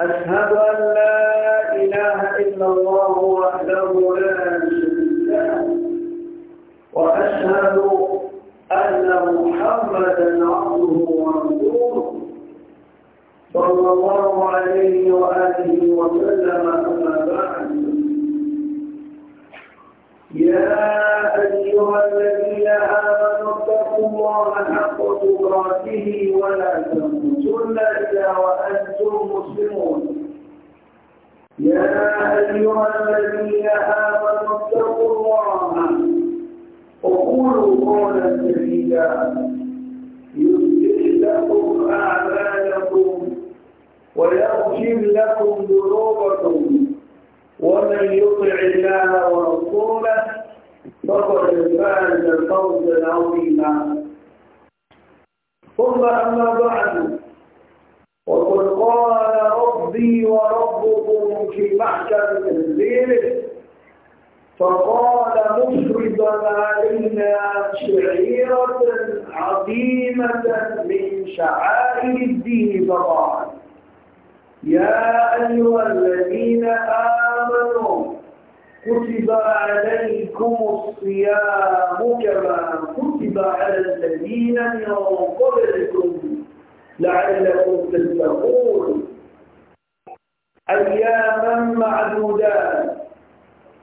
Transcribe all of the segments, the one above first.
أشهد أن لا إله إلا الله وحده لا شريك له وأشهد أن محمدا عبده ورسوله صلى الله عليه وآله وسلم أما بعد يا أيها الذين آمنوا الله حق تقاته ولا تموتن إلا وأنتم مسلمون يا أيها الذين آمنوا اتقوا الله وقولوا قولا سديدا يصلح لكم أعمالكم ويغفر لكم ذنوبكم ومن يطع الله ورسوله فقد فاز فوزا عظيما ثم أما بعد وقل قال ربي وربكم في محكم تنزيله فقال مفردا علينا شعيرة عظيمة من شعائر الدين فقال يا أيها الذين آمنوا كتب عليكم الصيام كما كتب على الذين من قبلكم لعلكم تتقون أياما معدودات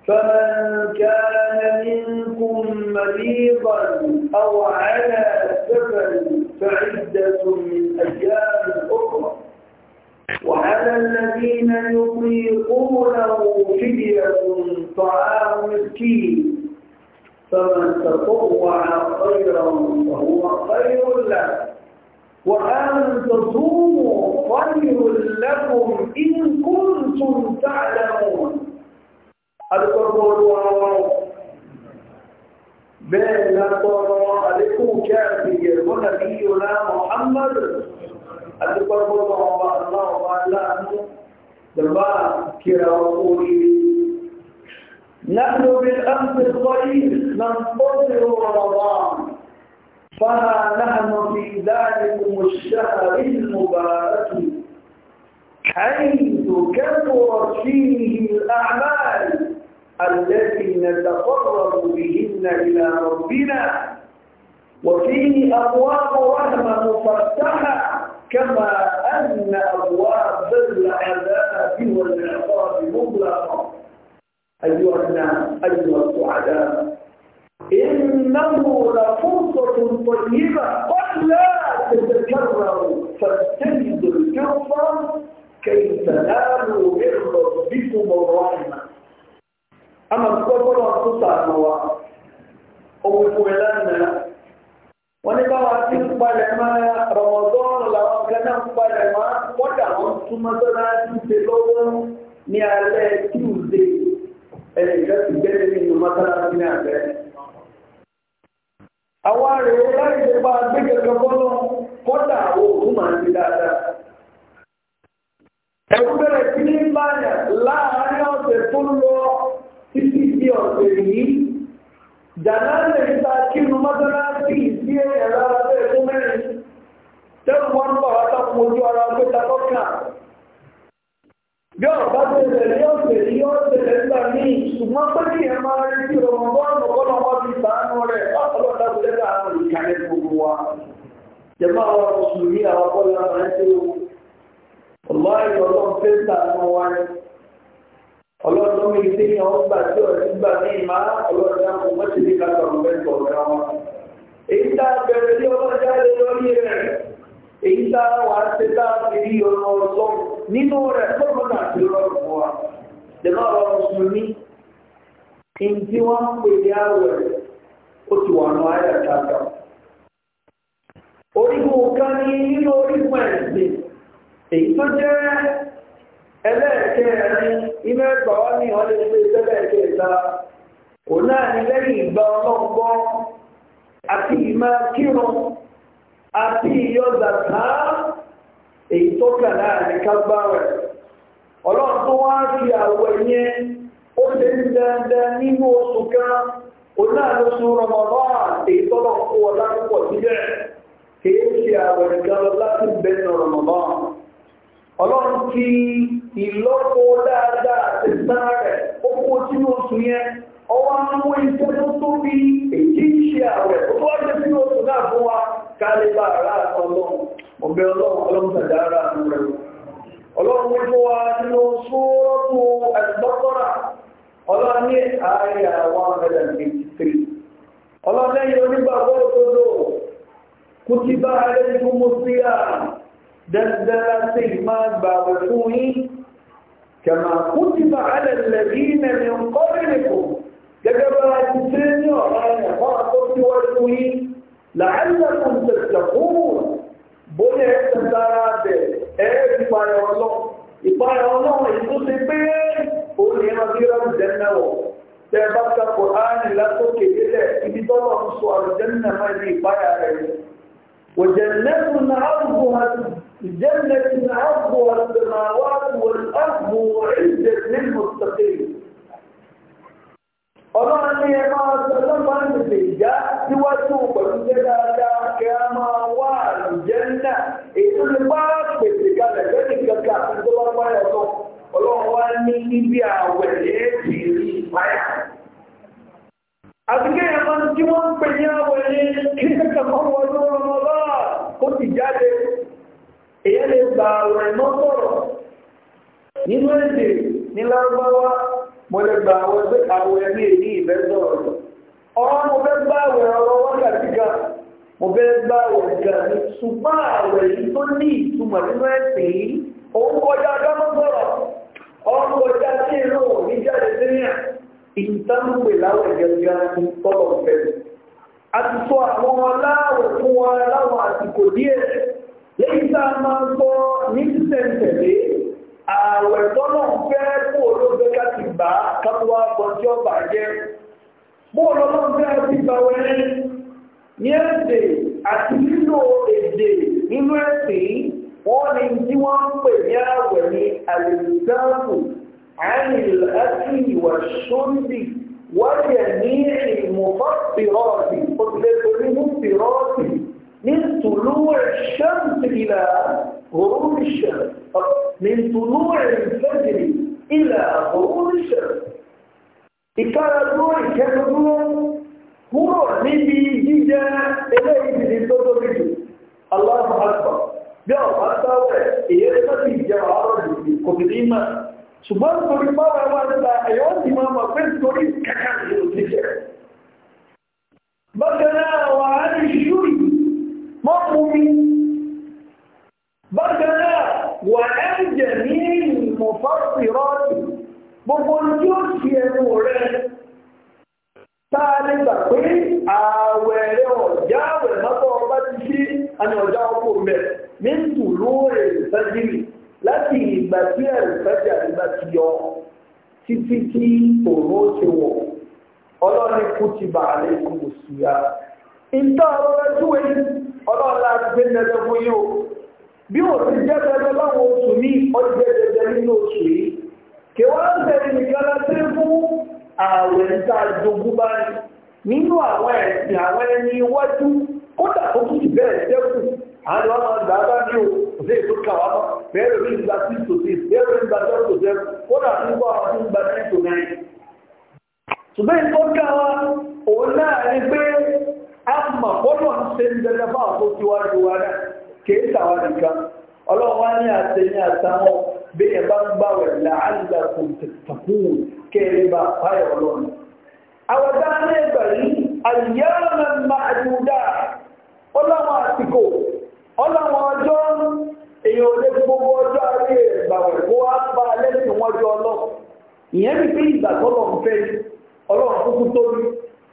فمن كان منكم مريضا أو على سفر فعدة من أيام أخرى وعلى الذين يطيقونه فدية طعام مسكين فمن تطوع خيرا فهو خير له وأن تصوموا خير لكم إن كنتم تعلمون القرآن والله بين القرآن عليكم كافية ونبينا محمد அதுபோல அல்லாஹ் அல்லாஹ் دابا كيراوي نحن بالامس القريب ننتظر رمضان فها نحن في ذلكم الشهر المبارك حيث كثرت فيه الاعمال التي نتقرب بهن الى ربنا وفيه ابواب رحمه مفتحه كما أن أبواب العذاب والعقاب مغلقة أيها الناس أيها السعداء إنه لفرصة طيبة قد لا تتكرر فاجتنبوا الفرصة كي تنالوا من ربكم الرحمة أما الكفر والقصة أنواع أو فلانة wọ́n ní báwa ti ń palẹ̀ mọ́ rọmọdọ́ọ̀nù làwọn kan náà ń palẹ̀ mọ́ wọ́n dà wọ́n túmọ̀ tó náà ti ṣe lọ́wọ́ ní alẹ́ tíwùdé ẹ̀yìn ìrẹsì gbẹ́lẹ́ nínú mọ́sálásí ní àgbẹ̀. àwọn àrèwò láì ṣe bá gbẹ́gẹ̀gẹ́ bọ́lọ́ kọ́dà òògùn máa ń di dáadáa. ẹ̀kú bẹ̀rẹ̀ sí ní báyà láàárín ọ̀sẹ̀ tó lọ títí di ọ̀sẹ̀ yìí jàdáàlẹ̀ nípa kínú mọ́sánásí sí ẹ̀rọ abẹ́ ẹ̀kọ́ mẹ́rin tẹ́rù wọn bọ̀ látàkùn ojú ara pé takọ́kà bí ọ̀pá tẹ̀lẹ̀ ní ọ̀sẹ̀ ní ọ̀sẹ̀ lẹ́gbà ní ṣùgbọ́n pé kí ẹ máa rí sí ọmọbọ́ọ̀nù kọ́lọ́mọ́ ti sàánú rẹ̀ ọ̀pọ̀lọ́dàbọ̀lẹ́gbà àwọn ìkàlẹ̀ gbogbo wa jẹ̀mọ́ àwọn ọlọ́run mi ti yàn ọ́ gbà tí ọ̀rẹ́ gbà ní ìmá ọlọ́run náà mo ti ní ká sọ̀rọ̀ bẹ́ẹ̀ sọ̀rọ̀ ra wọn. èyí tá a bẹ̀rẹ̀ ní ọlọ́run jáde lórí rẹ̀ èyí tá a wà á ṣe tá a fi rí ọ̀nà ọ̀sán nínú rẹ̀ lọ́run náà ti rọrùn wa. dènà ọ̀rọ̀ mùsùlùmí kí n tí wọ́n ń pè ní àwẹ̀ ó ti wà nù ayé àtàkà. orígun kan ní nínú orígun ẹ̀sìn èyí tó jẹ́ ẹlẹ́ẹ̀kẹ́rin iná ẹ̀gbà wá ní wọ́n lè gbé sẹ́lẹ̀kẹ́ ìta kò náà ní lẹ́yìn ìgbà ọlọ́gbọ́ àti ìmá kírun àti ìyọ́dà táá èyí tó kà láàrin kágbá rẹ̀ ọlọ́run tó wá fi àwọ̀ yẹn ó ṣe ń dandan nínú oṣù kan òun náà ló ìlọ́po dáadáa àtẹ̀sán rẹ̀ ó kó sínú oṣù yẹn ọwọ́ mú iṣẹ́ tó tó bí èyí ṣe àwẹ̀ ó tó wájẹ́ sínú oṣù náà fún wa kálíbà ará ọlọ́run ọ̀bẹ ọlọ́run ọlọ́run tàdá ara rẹ̀ ọlọ́run wí fún wa nínú sóòrọ́tò àtìbọ́kọ́rà ọlọ́run ní ààrẹ àwọn ọ̀rẹ́dà méjì tèrè ọlọ́run lẹ́yìn onígbàgbọ́ òdodo kùtìbá ẹni fún mọ́síà dandan sí máa gbàgbé fún yín كما كتب على الذين من قبلكم كتبها تسيني ورانا فاقبت والكوين لعلكم تتقون بني تنتارات ايه إبايا الله إبايا الله يسوس بيه قولي نظيرا الجنة تبقى القرآن لا تكبير إذا الله سؤال الجنة ما يبايا وجنة عرضها جنة عرضها السماوات والأرض وعزت للمتقين ọlọ́run ní ẹ máa sọ́jọ́ máa ń tètè já síwájú pẹ̀lú jẹ́ dáadáa kí a máa wá àlùjẹ́ náà èyí ló bá pèsè kalẹ̀ lẹ́yìn kankan àti tó bá páyà lọ ọlọ́run wá ní níbi àwẹ̀ lẹ́ẹ̀tì rí ìpáyà. àti kéèyàn máa ń tí wọ́n ń pè ní àwẹ̀ ní kí kankan máa wọ́n lọ́wọ́ lọ́wọ́ kó sì jáde èyẹ lè gba àwọn ẹ̀mọ́ sọ̀rọ̀ nínú èdè ní lárúbáwá mo lè gba àwọn ẹgbẹ́ àwọn ẹbí èyí ìfẹ́ sọ̀rọ̀ ọ̀rọ̀ mo fẹ́ gbá àwẹ̀ ọ̀rọ̀ wákàtí ga mo fẹ́ gbá àwẹ̀ ga ní ṣùgbọ́n àwẹ̀ yìí tó ní ìtumọ̀ nínú ẹ̀sìn yìí òun kọjá dámọ́ sọ̀rọ̀ ọ̀rọ̀ kọjá sí èrò òní jáde síríà ìtànùpè láwẹ̀ gẹ̀gẹ̀ ní tọ́lọ̀ fẹ́ a sọ àwọn ọláwẹ̀ fún wa láwọn àsìkò díẹ̀ lẹ́yìn tá a máa gbọ́ ní tẹ̀tẹ̀lé ààwẹ̀ tọ́nà fẹ́ kó olóògbé ká ti gbà á káwá bọ́jú ọba jẹ́ bó olóògbé fẹ́ ti gbà wẹ́rẹ́ ní èdè àti lílo èdè nínú ẹ̀sìn wọ́n ní tí wọ́n ń pè ní ààwẹ̀ ní àlèzáàbù àìlè wáyẹ̀ ní ìmọ̀fọ́sirọ́ọ̀tì من طلوع الشمس إلى غروب الشمس من طلوع الفجر إلى غروب الشمس إكارة دور يقول هو نبي جدا إليه من تطبيقه الله أكبر جاء حتى وإيه جاء عربي كتليما ṣùgbọ́n torí bára wá nípa ẹ̀yọ́ ti máa mọ̀ pé torí kàkà ìlú ti jẹ́. mọ́ mú mi bákan náà wà ẹ́jẹ̀ ní ìmọ̀fásirọ́ọ̀tì gbogbo tí ó fi ẹnu rẹ̀ táa lè gbà pé ààwẹ̀ rẹ̀ ọ̀já àwẹ̀ mọ́tọ̀ ọba ti sí àmì ọ̀já ọkọ̀ mẹ́ ní tùlú èrìfẹ́jìrì láti ìgbà tí èrìfẹ́jì àdìgbà ti yọ títí tí òun ó ṣe wọ̀ ọlọ́ni kú ti bàálẹ̀ kú sí ya. ìtọ́ ọ̀rọ̀ ọlọ́run láti gbé dandan fún yóò bí ò ti jẹ́ dandan láwọn oṣù ní ọjọ́ dandan nínú oṣù yìí kí wọ́n ń tẹ̀lé nìkan láti fún ààwẹ̀ níta jogún báyìí nínú àwọn ẹ̀sìn àwọn ẹni iwájú kódà tó kù sí bẹ́ẹ̀ o kò sí èso kà wá bẹ́ẹ̀rẹ̀ ní ìgbà sí tòsí bẹ́ẹ̀rẹ̀ ní ìgbà tó tòsí kódà tó ń bọ̀ àwọn tó ń gbà sí tòsí. ṣùgbọ́n ìtọ́ka wa òun mọ̀ bọ́lọ̀ ń ṣe ń bẹ̀rẹ̀ fún àwọn tíwájú wa náà kìí sàwà nìkan ọlọ́wọ́ ní àtẹ̀yìn àtàwọn bí ẹ bá ń gbàwẹ̀ làálà kò tẹ̀kù kéré bá fáyọ̀ ọlọ́run. àwọn dáná ẹgbà yìí àyẹ̀rọ̀ máa dúdà ọlọ́wọ́ àsìkò ọlọ́wọ́ ọjọ́ èèyàn olè gbogbo ọjọ́ ayé ìgbàwẹ̀ kó wá bí bí ìgbà ń fẹ́ ọlọ́run kúkú tóbi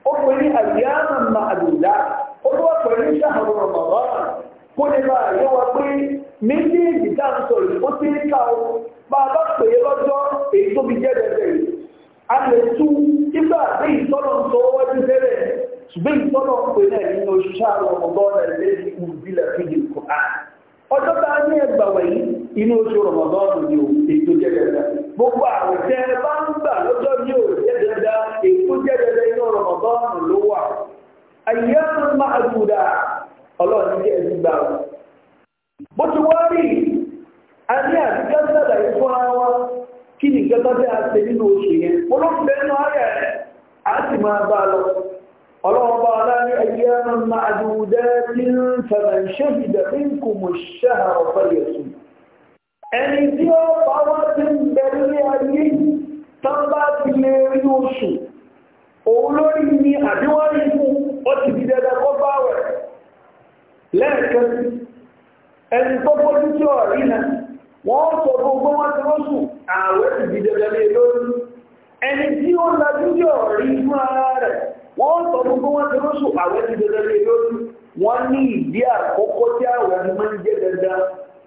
ó pè ní àyàmù màdùlá ó ló wà pẹ̀lú ṣàhùrù rọ̀mọ̀rọ̀ kó lè bá àyè wa pé méjèèjì tá à ń sọ yìí ó ti ń ká o bá a bá pè é lọ́jọ́ èyí tó fi jẹ́ bẹ̀rẹ̀ a lè tú nígbà tí ìtọ́nà ń sọ bẹ̀rẹ̀ ṣùgbọ́n ìtọ́nà pè náà nínú ṣàhùrù rọ̀mọ̀rọ̀ ọjọ́ tá a ní ẹgbà wẹ̀yí inú oṣù rọ̀mọ̀dọ́nù ni ò ètò jẹ́ dandan gbogbo àwọn tẹ́ ẹ bá ń gbà lọ́jọ́ ní ò jẹ́ dandan ètò jẹ́ inú rọ̀mọ̀dọ́nù ló wà ayé máa dùdà ọlọ́run jẹ́ ẹ̀sìn bó ti wá rí ni ìjọba bí a ṣe nínú oṣù yẹn olóńgbẹ́nu ayẹ̀ á sì máa bá ọlọ́wọ́ bá aláàrí ayé ma àdúgbò tí ń fẹ̀rẹ̀ ṣẹ́bìdà rínkù mọ̀ ṣáà ọ̀fẹ́ yẹ̀sù ẹni tí ó bá wá ti ń bẹ̀rẹ̀ ayé tán bá ti lè rí oṣù òun lórí ni àdíwárí fún ó ti di dandan kó bá wẹ̀ ẹni tí ó sùn àwẹ̀ ti dandan lé lórí wọ́n ní ìdí àkọ́kọ́ tí àwẹ̀ ni máa ń jẹ́ dandan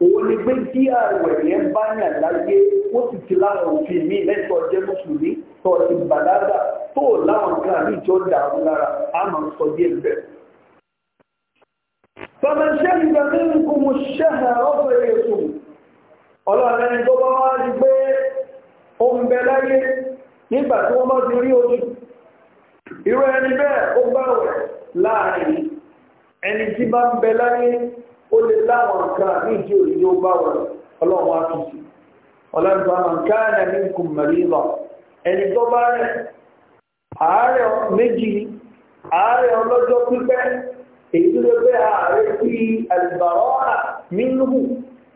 òun ni pé tí àwẹ̀ yẹn bá yàn láyé ó sì ti láwọn òfin mi lẹ́tọ̀ jẹ́ mùsùlùmí tó ti bàlágà tó láwọn nǹkan àmì ìjọ dàrú lára a máa ń sọ díẹ̀ bẹ́ẹ̀. فمن شهد منكم الشهر فليصم ọlọ́run ẹni tó bá wá rí pé ó ń bẹ láyé nígbà tí wọ́n bá ti rí oṣù irú ẹni bẹ́ẹ̀ ó gbàwẹ̀ láàrin ẹni tí bá ń bẹ láyé ó lè láwọn nǹkan ní ìdí òyìnbí ó gbàwẹ̀ ọlọ́run á tù sí ọlọ́run máa ń ká ẹ̀rẹ̀ ní nkùn mẹ́rìnlọ ẹni tó bá rẹ̀ àárẹ̀ méjì àárẹ̀ ọlọ́jọ́ pípẹ́ èyí tó lè bẹ́ àárẹ̀ sí àlùbáwọ́nà nínú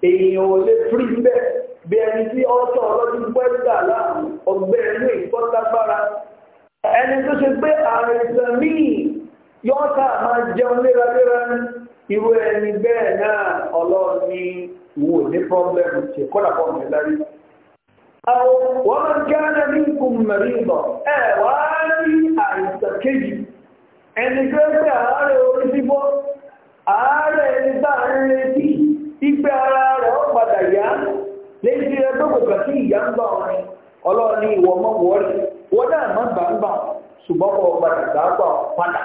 èèyàn ò lè firi bẹ́ẹ̀ bí ẹni tí ọ́sọ̀ ọlọ́dún pẹ́ gbà láàrú ọgbẹ́ inú ìfọ́lágbára ẹni tó ṣe pé àìsàn míì yọ́ta máa jẹun léraléra irú ẹni bẹ́ẹ̀ náà ọlọ́run ní wò ní pọ́blẹ́mù ṣe kọ́lá pọ́ọ̀mù ẹ̀ lárí. àwọn wọ́n máa ń kí ánà ní ìkùn mẹ́rin bọ̀ ẹ̀ wá rí àìsàn kejì ẹni tó ṣe àárẹ̀ orí fífọ́ àárẹ̀ ẹni bá ń retí ìgbẹ́ ara rẹ̀ ó padà yá léṣe ẹgbẹ́ kò kà sí ìyá ń bá ọ̀rìn ọlọ́run ní ìwọ̀n mọ́ wọ́n náà má gbàgbà ṣùgbọ́n kọ́ padà gbàgbà padà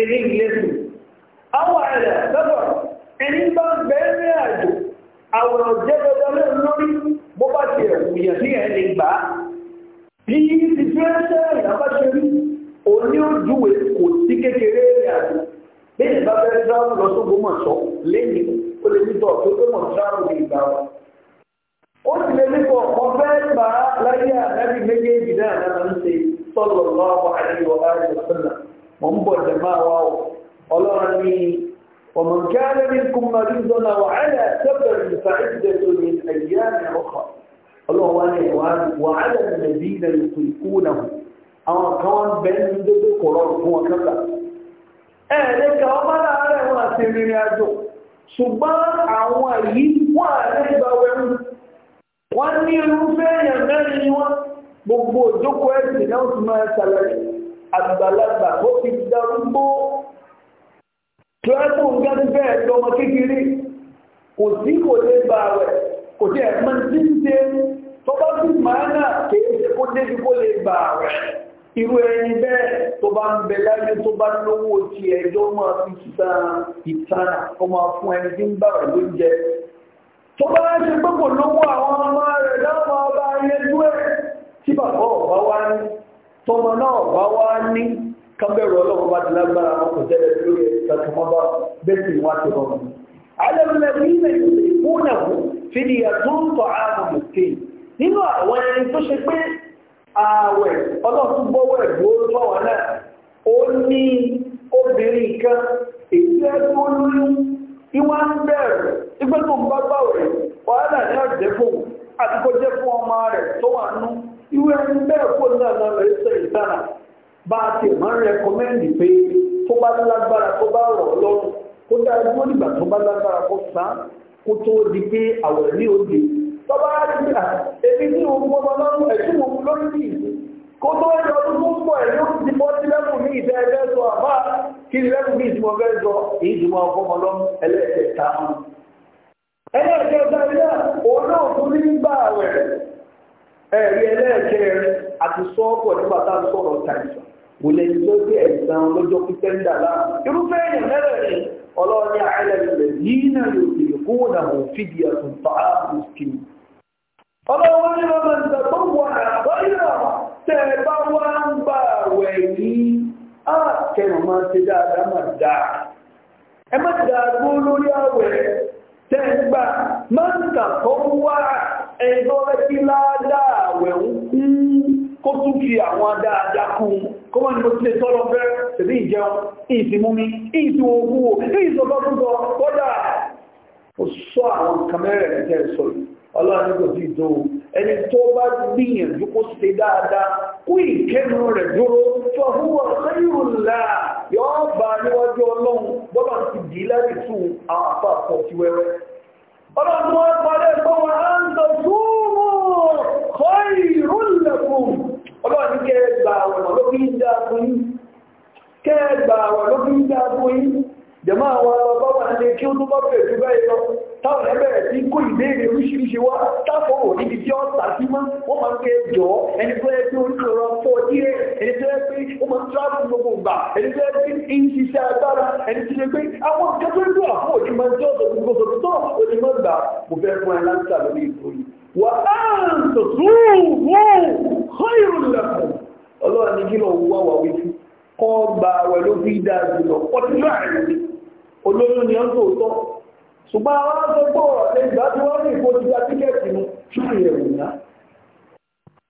ilé ìlẹ́sù àwọn ẹ̀rẹ̀ lọ́dọ̀ ẹni bá ń bẹ̀rẹ̀ àjò àwòrán jẹ́ dandan lórí bó bá ti ẹ̀wùyàn sí ẹ̀ lè gbà á bí ti fẹ́ẹ́sẹ́ ìyàbáṣẹ́rí òní ojúwe kò sí kékeré àjò bí ìbá fẹ́ẹ́ dáhùn lọ sógbómọ̀ṣọ́ lẹ́yìn ó lè ní tọ́ ó sì lè ní kọ̀ ọ̀fẹ́ gbà á láyé àdábì méjèèjì náà náà ń ṣe sọ́lọ̀ lọ́wọ́ àdéhùn ọ̀hánì ọ̀sánà mọ̀ ń bọ̀ jẹ̀má wa o ọlọ́run ní ọmọ kẹ́lẹ́ ní kùmọ̀rí zọ́nà wà á yà sẹ́bẹ̀rẹ̀ ìfàìsẹ̀ tó ní ẹ̀yà ní ọkọ̀ ọlọ́run wá ní ẹ̀wà wọ́n ní irúfẹ́ èèyàn mẹ́rin ni wọ́n gbogbo òjókòó ẹ̀sìn náà tún máa ṣàlàyé àgbàlagbà ó fi darúgbó tíwájú nǹkan ti bẹ́ẹ̀ lọ́mọ kékeré kò sí kò lè bá rẹ̀ kò sí ẹ̀mọ́ tí ń ṣe tó bá sì máa náà kéé ṣe kó débi kó lè bá rẹ̀ irú ẹni bẹ́ẹ̀ tó bá ń bẹ láyé tó bá lówó ti ẹjọ́ máa fi ṣùgbọ́n ìtara ọmọ fún ẹni tí ń bá rẹ̀ lóúnjẹ tó bá ṣe pé kò lówó àwọn ọmọ rẹ̀ láwọn ọba ayẹjú ẹ̀ tí bàbá ọ̀bá wá ní tọmọ náà ọ̀bá wá ní kábẹ̀rù ọlọ́run bá ti lágbára wọn kò tẹ́lẹ̀ lórí ẹ̀ka wọn bá bẹ́ẹ̀ sì wá ti rọrùn. alẹ́mìlẹ́bí ilẹ̀ ìkúnnàwó fìdíyà tó ń tọ́ mùsùlùmí nínú àwọn ẹni tó ṣe pé ààwẹ̀ ọlọ́run gbọ́wọ́ ẹ̀gbọ́n fọwọ́ náà ó ní obìnrin kan èyí ẹ̀ tó lóyún ìwà ń bẹ̀rẹ̀ ìgbẹ́ tó ń bá gbà rẹ̀ wàhálà ní ọ̀jẹ́ fún àti kó jẹ́ fún ọmọ rẹ̀ tó wà nú ìwé ń bẹ̀rẹ̀ kó náà lọ rẹ̀ ṣe ìtànà bá a ti máa ń rẹkọmẹ́ndì pé tó bá lágbára tó bá rọ̀ lọ́rùn kó dáa dúró nígbà tó bá lágbára kó sàn kó tó di pé kó tó ẹjọ́ ọdún tó pọ̀ ẹ̀ ti bọ́ sí lẹ́kùn ní ìfẹ́ ẹgbẹ́ sọ àbá kí ni lẹ́kùn ní ìdìbò fẹ́ sọ èyí máa fọmọ lọ mú. òun náà tún ní gbà ẹ̀rí àti sọ́ọ̀pọ̀ nígbà tá a sọ̀rọ̀ tàìsàn wò tó ẹ̀sán lọ́jọ́ pípẹ́ ń ọlọ́ọ̀ni yìí náà yóò ọlọ́wọ́ ní ọmọ ìgbà tó wà àbáyọ̀ tẹ́ bá wá ń bá àwẹ̀ yìí á kẹrùn máa ṣe dáadáa máa dáa ẹ má dàgbó lórí àwẹ̀ tẹ́ gbà máa ń tàkọ́ wá ẹ̀dọ́ ẹbí ládàá àwẹ̀ ń kú kó tún fi àwọn dáadáa kún kó wọ́n ni mo ti lè tọ́lọ fẹ́ tẹ̀lé ìjẹun ìsìnmúmi ìsìn ogun ìsọ̀lọ́gbọ́gbọ́ kọ́dà ó sọ àwọn nǹkan mẹ́rẹ̀ẹ̀rin tẹ́ sọ yìí ọlọ́run kò sí ìdó ẹni tó bá gbìyànjú kó ṣe dáadáa kó ìkẹnu rẹ̀ dúró tó àbúrò ọ̀sẹ́yìnrò là yọ́ bá níwájú ọlọ́run bọ́lá ti dì í láti tún àwọn àpá àpọ̀ ti wẹ́wẹ́ ọlọ́run wọn parẹ́ àwọn ọ̀rọ̀ ń dá fún yín jẹ̀mọ́ àwọn ọlọ́bá wà ní kí ó tó bá bẹ̀rẹ̀ tó bẹ́ẹ̀ lọ táwọn ẹgbẹ̀rẹ̀ tí kó ìbéèrè oríṣiríṣi wá táfọ́ òní ti tí ó tà sí mọ́ wọ́n máa ń pé jọ ẹni tó yẹ pé oníkọ̀ọ́rọ̀ fọ́ díẹ̀ ẹni tó yẹ pé ó máa ń tíráàbù gbogbo ìgbà ẹni tó yẹ pé ń ṣiṣẹ́ agbára ẹni tó yẹ pé àwọn nǹkan tó ń lò àfọ́ òní máa ń jọ́ ọ̀dọ̀ gbogbo tó òní máa ń gbà mo fẹ́ fún ẹ láńtà lórí ìtòyí wà á ń tòṣùwò kọ́ ìrùlẹ̀kùn ọlọ́run ní kí olóyún ni ọ́n tòótọ́ ṣùgbọ́n àwọn aṣọ́gbọ́ ọ̀rẹ́ ìgbà tí wọ́n ní ìfò jíjá tíkẹ́ẹ̀tì nu ṣáàyè ẹ̀rù ná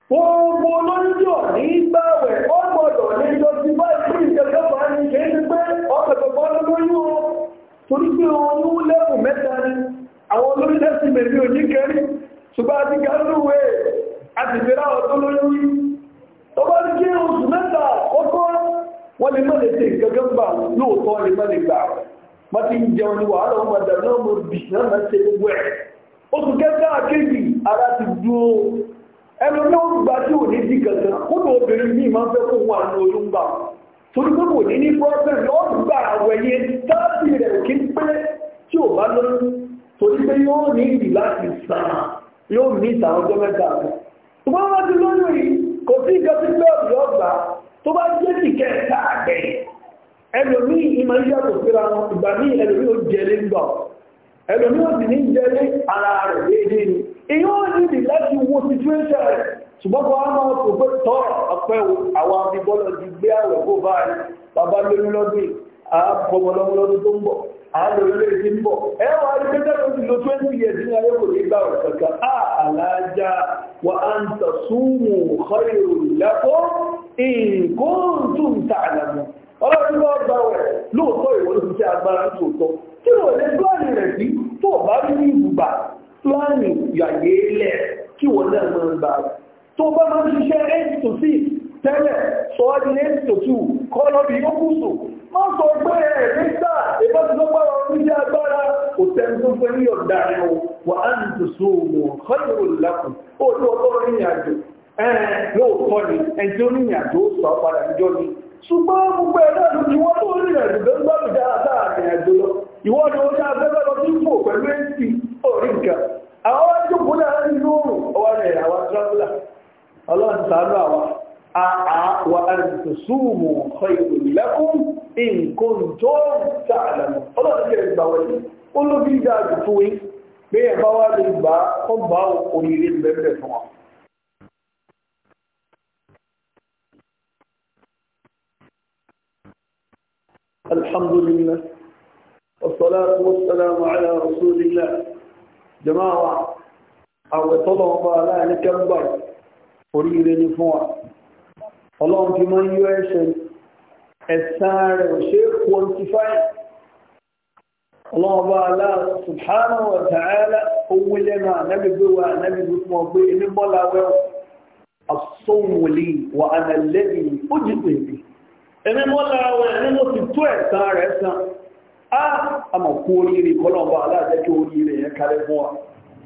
gbogbo olóyún tí ò ní gbàwẹ̀ ọgbọ̀dọ̀ ní ìjọ ti bá ìpín ìjọba ní kì í ti o torí pé oyún lẹ́kùn mẹ́ta ni àwọn olóyún tẹ́sí mẹ́rin òní kẹrí ṣùgbọ́n àti gàlúwé àti ìfẹ́ra ọ̀tọ́ lóyún yìí tó bá ní kí oṣù mẹ́ta kọ́kọ́ wọ́n lè má lè ṣe ìgẹ́gẹ́ gbà lóòótọ́ lè má lè gbà rẹ̀ wọ́n ti ń jẹun ní wàhálà ọmọ ẹ̀dà náà mo bì náà máa ṣe gbogbo ẹ̀ oṣù kẹta àkéjì ara ti dúró ẹnu ní ó gba tí ò ní di kankan kódà obìnrin míì máa ń fẹ́ kó wọn àna oyún gbà torí pé kò ní ní problem yóò gba àwẹ̀ yẹn táàbì rẹ̀ kí ń pé tí ò bá lóyún torí pé yóò ní ìdí láti sàn yóò ní ìtàn ọjọ́ mẹ́ta rẹ̀ tó bá wá ti lóyún yìí kò sí ìjọ sí pé ọ̀dọ́ gbà tó bá jẹ́ ìkẹta àgbẹ̀yìn ẹlòmíì ìmọ̀ yíyàtọ̀ síra wọn ìgbà míì ẹlòmíì ó jẹlé ńgbà ẹlòmíì ó sì ní jẹlé ara rẹ̀ déédéé ni èyí ó níbi láti wo situation rẹ̀ ṣùgbọ́n kọ́ á máa tó pé tọ́ ọpẹ́ àwọn abibọ́lọ̀ ti gbé àwẹ̀ kó báyìí bàbá lóyún lọ́dún àbọ̀mọ̀lọ́mọ lọ́dún tó ń bọ̀ àlòlẹ́ ti ń bọ̀ ẹwà ìgbẹ́gbẹ́ ti lo 20 years ní ayé kò ní gbà ọ̀kọ̀kọ̀ àlàájá wa an tasumu khayrun lakum in kuntum ta'lamun ọlọ́run lọ gbà wẹ̀ lóòótọ́ ìwọ ló fi ṣe agbára tó tọ́ tí ò lè gbọ́ọ̀nì rẹ̀ sí tó bá rí ní ìbùbà pláàni yàyé lẹ̀ kí wọ́n náà máa ń gbà rẹ̀ tó bá máa ń ṣiṣẹ́ eight to six tẹ́lẹ̀ sọ wá di eight to two kọ́ lọ bí ó kù sùn má sọ pé nígbà ìbá ti lọ́pàá lọ ní ṣùgbọ́n gbogbo ẹ̀dá ló ti wọ́n tó rí ẹ̀rù tó ń bá mi dáadáa rìn àjò lọ ìwọ́n ni ó ṣe afẹ́fẹ́ lọ sí fò pẹ̀lú èsì orí nǹkan àwọn ajókòó náà ń lóòrùn ọwọ́ rẹ̀ àwọn tíráfúlà ọlọ́run sàánú àwọn àwa àrùntò súnmù ọ̀yọ̀ الحمد لله والصلاة والسلام على رسول الله جماعة أو طلب لا نكبر أريد أن نفوع اللهم في من يعيشن السار والشيخ والكفاء اللهم لا سبحانه وتعالى هو ما نبي ونبي نبي إن بلا الصوم لي وأنا الذي أجد به ẹni mọ́ lára wọn ẹni mọ́ ti tó ẹ̀sán rẹ̀ san á àmọ̀ kú oríire kọ́lọ̀mbà aláàjẹ́ kí oríire yẹn kalẹ̀ fún wa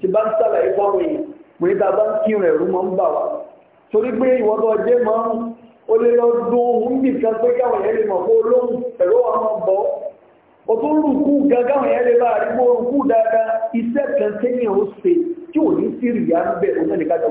ti bá ń sàlàyé fáwọn èèyàn pé ta bá ń kírun ẹ̀rú mọ́ ń bà wá torí pé ìwọ́n tó jẹ́ máa ń ó lè lọ dún ohun bì kan pé káwọn yẹn lè mọ̀ pé olóhùn ẹ̀rọ wa máa bọ̀ ó tó rùkú gan káwọn yẹn lè bá rí pé rùkú dáadáa iṣẹ́ kan téèyàn ó ṣe tí ò ní sí rìyà ń bẹ̀ ní ká jọ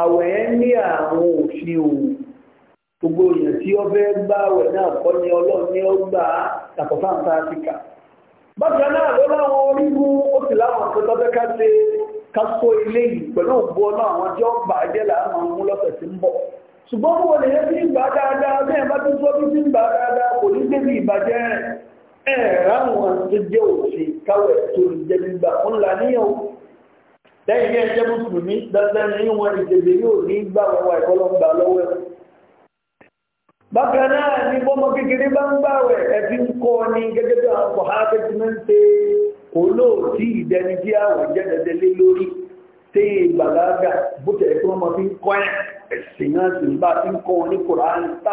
àwẹ̀ ní àwọn òfin òun gbogbo èèyàn tí ọ fẹ́ gbá àwẹ̀ náà kọ́ ni ọlọ́run ní ó gbà á yàtọ̀ fáǹfà áfíríkà bákan náà ló láwọn orígun ó sì láwọn tó tọ́jọ́ ká ṣe ká sọ ilé yìí pẹ̀lú ògbó ọlọ́run àwọn tí ó á jẹ́ àwọn lọ́sẹ̀ tí ń bọ̀ ṣùgbọ́n lè ń gbà dáadáa bẹ́ẹ̀ bá tún lẹ́yìn bí ẹjẹ́ mùsùlùmí dandan ní wọn ìṣèlè yóò ní gbà wọn wà ìfọlọ́gbà lọ́wọ́ ẹ̀. bákan náà ni bọ́mọ kékeré bá ń gbà wẹ̀ ẹ fi ń kọ́ ni gẹ́gẹ́ bí àwọn kò há tẹ́tí máa ń ṣe olóòtí ìdẹni tí àwọ̀ jẹ́ dandan lé lórí tẹ́ ìgbàlágà bó tẹ̀ kí wọ́n máa fi ń kọ́ ẹ̀ ẹ̀sìn náà sì ń bá fi ń kọ́ ní kòránì tá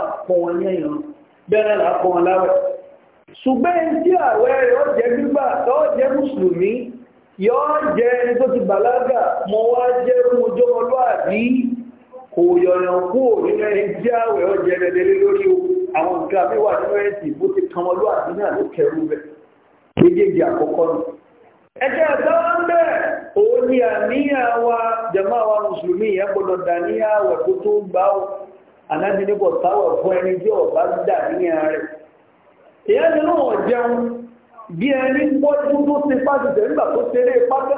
à tí àwẹ̀ ọ̀jẹ̀ gbígbà tó jẹ́ mùsùlùmí yóò jẹ́ ẹni tó ti bàlágà mọ́ wá jẹ́ fún ojú ọlọ́àbí kò yọ̀yàn kú nínú ẹni jẹ́ àwẹ̀ ọjẹ́ rẹ̀lẹ́lẹ́ lórí àwọn nǹkan mẹ́wàá nínú ẹ̀sì bó ti kan ọlọ́àbí náà ló kẹrù rẹ̀ méjèèjì àkọ́kọ́ nù ẹjẹ́ àtàwọn ni àníyàn wa jàmáà wa mùsùlùmí yẹn gbọ́dọ̀ dàníyàn àwẹ̀ tó tó gbà ó ànábi nípò táwọ̀ fún ẹni jẹ́ bí ẹni pọ́jú tó ṣe pàṣẹ nígbà tó ṣeré pátá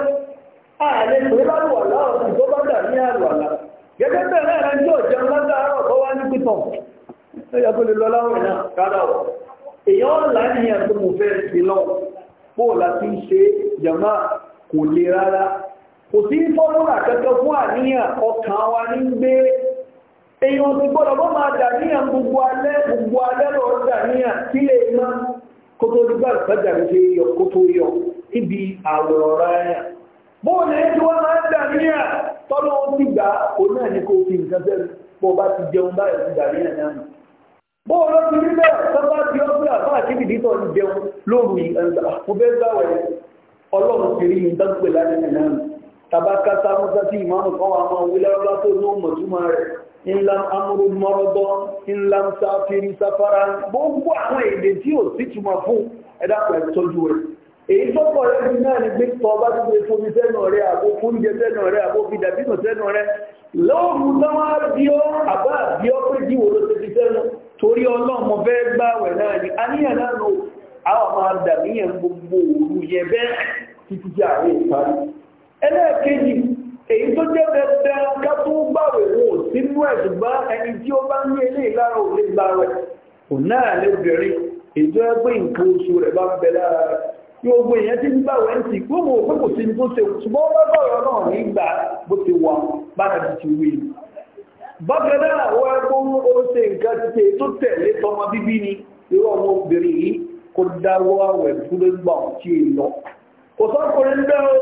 ààrẹ pé lálù àlá ọ̀sìn tó bá dà ní àlù àlá gẹ́gẹ́ bẹ́ẹ̀ náà ẹni yóò jẹun látàárọ̀ tó wá ní pítọ̀ ó yẹ kó lè lọ láwọn o èèyàn ńlá ní ẹ̀ tó mo fẹ́ sí lọ bó o láti ń ṣe jàmá kò le rárá kò sí fọ́nrán àkẹ́kọ̀ọ́ fún àníyàn ọkàn wa ní gbé èèyàn ti gbọ́dọ̀ bọ́ máa dà níyàn gbogbo alẹ́ gbogbo alẹ́ lọ́ọ́ dà níyàn sílé iná kótó nígbà ìtajà ló ṣe yọ kótó yọ níbi àwòrán ẹ̀yà bóun ní ẹni tí wọ́n máa ń dà níyà tọ́lọ́ ó ti gbà ó náà ní kó fi nǹkan fẹ́ bó o bá ti jẹun báyìí ti dà níyà náà nù bóun ló ti rí bẹ́ẹ̀ sábà tí ó gbé àbá àti ìdí tó ń jẹun lóru yìí ah, mo fẹ́ gbà wẹ̀ ọlọ́run ti rí yìí tó ń pè lánàá tàbá kásá mọ́sá tí ìmáàmù kan wà máa wí lárúbá ńlám amúrú mọ́rọ́dọ́ ńlám sáfìrí sáfárá gbogbo àwọn èdè tí ò sí túmọ̀ fún ẹ̀dá pẹ̀lú tọ́jú rẹ̀ èyí tó pọ̀ rẹ̀ bí náà ni pé tọ́ bá ti fi omi sẹ́nu rẹ̀ àbó fúnjẹ sẹ́nu rẹ̀ àbó fi dàbínú sẹ́nu rẹ̀ lóòrù náà bí ó àbá bí ó pé jíwò ló ti fi sẹ́nu torí ọlọ́mọ fẹ́ gbáwẹ̀ náà ni àníyàn náà nù àwọn máa dàbíyàn gbogbo òru yẹ bẹ́ẹ̀ títí èyí tó jẹ́ dandan ká tó gbàwé wò sínú ẹ̀ ṣùgbọ́n ẹni tí ó bá ní eléyìí lára ò lè gbà rẹ̀ kò náà lè bẹ̀rẹ̀ ìjọ ẹgbẹ́ nǹkan oṣù rẹ̀ bá ń bẹ lára rẹ̀ yóò gbé èèyàn tí ń gbàwé ń tì gbóhùn òfin kò sí ní tó ṣe ṣùgbọ́n bá bọ̀rọ̀ náà ní gbà bó tọmọ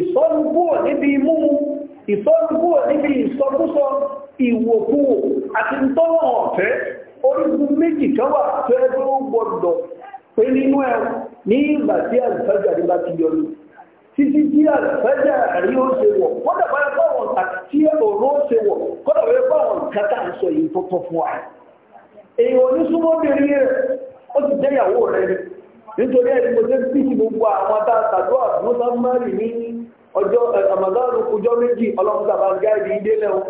ìsọ́nùgbò níbi mímu ìsọ́nùgbò níbi ìsọkúsọ ìwòkúwò àti tọ́nà ọ̀fẹ́ orígun méjì kan wà tó ẹgbẹ́ ó gbọdọ̀ pé nínú ẹ ní ìgbà tí àlùfájà rí bá ti yọrí títí tí àlùfájà rí ó ṣe wọ̀ kọ́dà bá yẹpọ̀ wọn àti tí òun ó ṣe wọ̀ kọ́dà bá yẹpọ̀ wọn kátà ń sọ yìí tó fún wa èyí onísúnmọ́bìnrin rẹ̀ ó ti jẹ́ ìyàwó rẹ̀ nítorí ẹni mo jẹ́ sí gbogbo àwọn tá a tàdúrà fún ní ọjọ́ ọmọdọ́rùn ọjọ́ méjì ọlọ́pàá bá gáàdì ilé lẹ́wọ̀n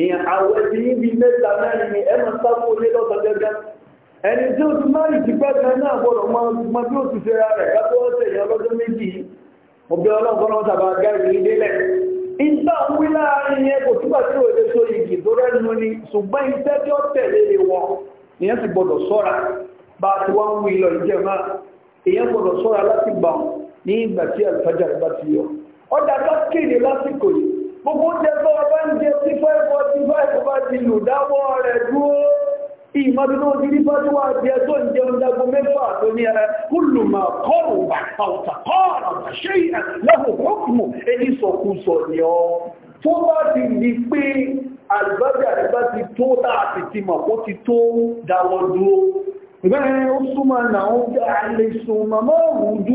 èèyàn àwẹ̀ tí ní bí mẹ́ta mẹ́rin ni ẹmọ sáfò lé lọ́sọ̀ gẹ́gẹ́ ẹni tí ó ti máa ìtì pẹ́ta náà gbọ́dọ̀ mọ bí ó ti ṣe ra rẹ̀ kápẹ́ ọ̀sẹ̀ èèyàn ọlọ́jọ́ méjì ọbẹ̀ ọlọ́pàá bá gáàdì ilé lẹ̀ ìgbà ń wí láàrin yẹn kò túbà tí òde so igi tó rẹ́nu ni ṣùgbọ́n iṣẹ́ tí ó ìyẹn gbọ́dọ̀ sọ́ra láti gbà ní ìgbà tí àlùfájà bá ti yọ ọjà tó kéde lásìkò yìí gbogbo oúnjẹ tó ọba ń jẹ sí fẹ́ẹ̀fọ́ sí fẹ́ẹ̀fọ́ bá ti lò dáwọ́ rẹ̀ dúró ìmọ̀dúnú ojúrí fọ́jú wá jẹ tó ń jẹun dago mẹ́fà tó ní ẹrẹ kúlù mà kọ́rù bà àwùtà kọ́ọ̀rọ̀ bà ṣe ìyà lọ́wọ́ hókùnmù èyí sọkúsọ ni ọ tó bá ó ti náà ó dá lè sùn màmá òwúdú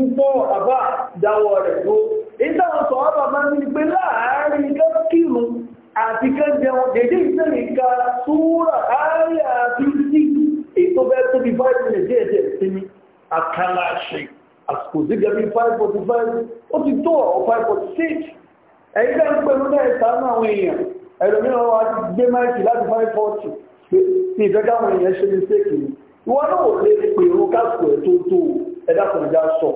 àbá dáwọ́ rẹ̀ dúró ìtàwọn sọ̀rọ̀ máa ń gbé láàárín kẹ́kìrún àti kẹ́jẹun dédé ìtẹ́lẹ̀ ìka súúrà àárín àti sí ètò bẹ́ẹ̀ tó bí 5 minutes díẹ̀ díẹ̀ sí ní àkàlàṣe àsìkò sí gẹ́bí 545 ó ti tó ọ̀ 546 ẹ̀yí bẹ́ẹ̀ ń pẹ̀lú náà ìtàánú àwọn èèyàn ẹlòmíràn wa gbé máìkì láti 540 ní ìfẹ́ káwọn èèyàn ṣe ní séèkì ni ìwọ náà ò lè pèrò kásìkò ẹ̀ tó tó ẹ̀dá kan já sọ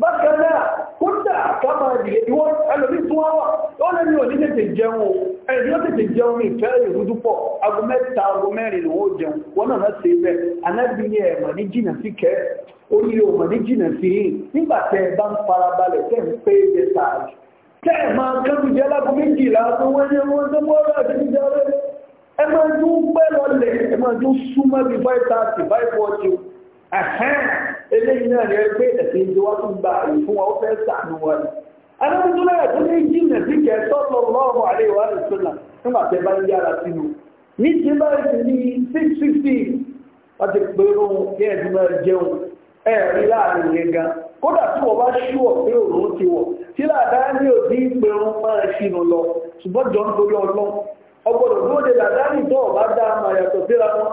bákan náà kódà kámà ìdílé ìwọ ẹlòmí tún wá wà ó lè ní òní tètè jẹun o ẹni yóò tètè jẹun ní ìfẹ́ ìrúdú pọ̀ aago mẹ́ta aago mẹ́rin lówó jẹun wọn náà ṣe orí ọmọ ní jìnnà sí yìí nígbà bá ń farabalẹ̀ tẹ́ ń pé ẹ e sáàjù tẹ́ ẹ máa jẹ́ lágbo méjìlá tó wọ́n ní wọ́n tó mọ́ ọ́rọ̀ àti ìjà ẹ máa tún pẹ́ lọlẹ̀ ẹ máa tún súnmọ́ eléyìí náà rẹ̀ pé ẹ̀sìn tí wọ́n tún gba àyè fún wa ó fẹ́ sànù wọn ni. alábùdúlẹ̀ tó ní jìnnà sí kẹsọ́ lọ lọ́rùn àlẹ́ ìwà rẹ̀ sọ́nà nígbà tẹ́ bá ń yára sínú. ní ti báyìí ní six fifty wọ́n ti pé irun ní ẹ̀dùn náà jẹun ẹ̀ láàrin yẹn gan. kódà tí wọ́n bá ṣúwọ̀ pé òun ti wọ̀ tí làdá ní òdì ìgbérun máa ṣìnà lọ ṣùgbọ́n jọ ń torí ọlọ́ ọgbọ́dọ̀ lóde làdá nìtọ́ ọ̀bá dá máa yàtọ̀ síra wọn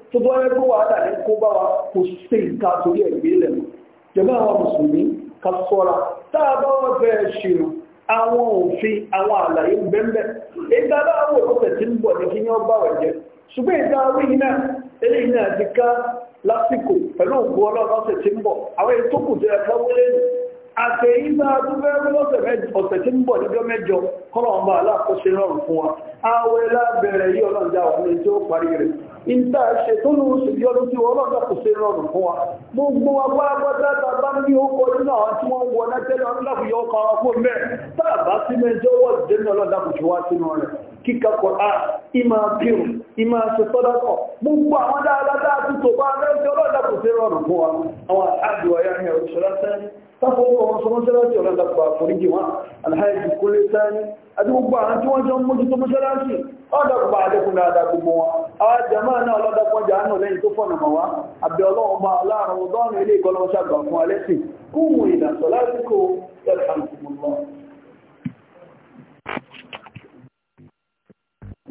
tó bọ́ ẹ kó wàhálà ní kó bá wa kò sí nǹkan torí ẹ̀gbẹ́ ilẹ̀ mọ́ jẹ̀mọ́ àwọn mùsùlùmí ká sọ́ra tá a bá wọ́n fẹ́ ṣèrò àwọn òfin àwọn àlàyé bẹ́ẹ̀ ìgbà láwọn òkúta tí ń bọ̀ ní kí wọ́n bá wẹ̀ jẹ́ ṣùgbọ́n ìgbà wíyí náà eléyìí náà ti ká lásìkò pẹ̀lú òkú ọlọ́run tí ń bọ̀ àwọn ètò kù tó yẹ wọlé nù àtẹ̀yìn náà tó fẹ́ ọ̀sẹ̀ tí ń bọ̀ níjọ́ mẹ́jọ kọ́lọ̀ ọmọ aláàkóṣe rọrùn fún wa àwẹ̀ lábẹ̀rẹ̀ yí ọlọ́run já wà parí rẹ̀ ìta ṣètòlù ṣèjọ́lù tí wọ́n lọ́jọ́ kò ṣe rọrùn fún wa gbogbo wa pátápátá tàbá ní ókọ nínú àwọn tí wọ́n wọ nẹ́tẹ́lẹ̀ ọlọ́dàkùnjọ́ ọkọ̀ ọkọ̀ mẹ́ tàbá sí mẹ́jọ́ wọ́n jẹ́ ní ọlọ́dàkùnjọ́ wá sínú rẹ̀ kíkà kọ̀á ìmá pírù ìmá ṣe sọ́dọ́kọ̀ gbogbo àwọn táfọ́wọ́ wọn sọmọ́ sẹ́láṣì ọ̀rẹ́ àgbà àforíjì wọn alhaji kólé sáni àti gbogbo àwọn tí wọ́n jọ ń mójútó mọ́sálásì ọ̀dàgbà àlékún dáadáa gbogbo wọn àwọn jama náà ọlọ́dàpọ̀ jàánù lẹ́yìn tó fọ̀nà mọ̀ wá àbẹ̀ ọlọ́run bá aláàrùn ọgọ́rùn-ún ilé ìkọlọ́mọṣàgbà fún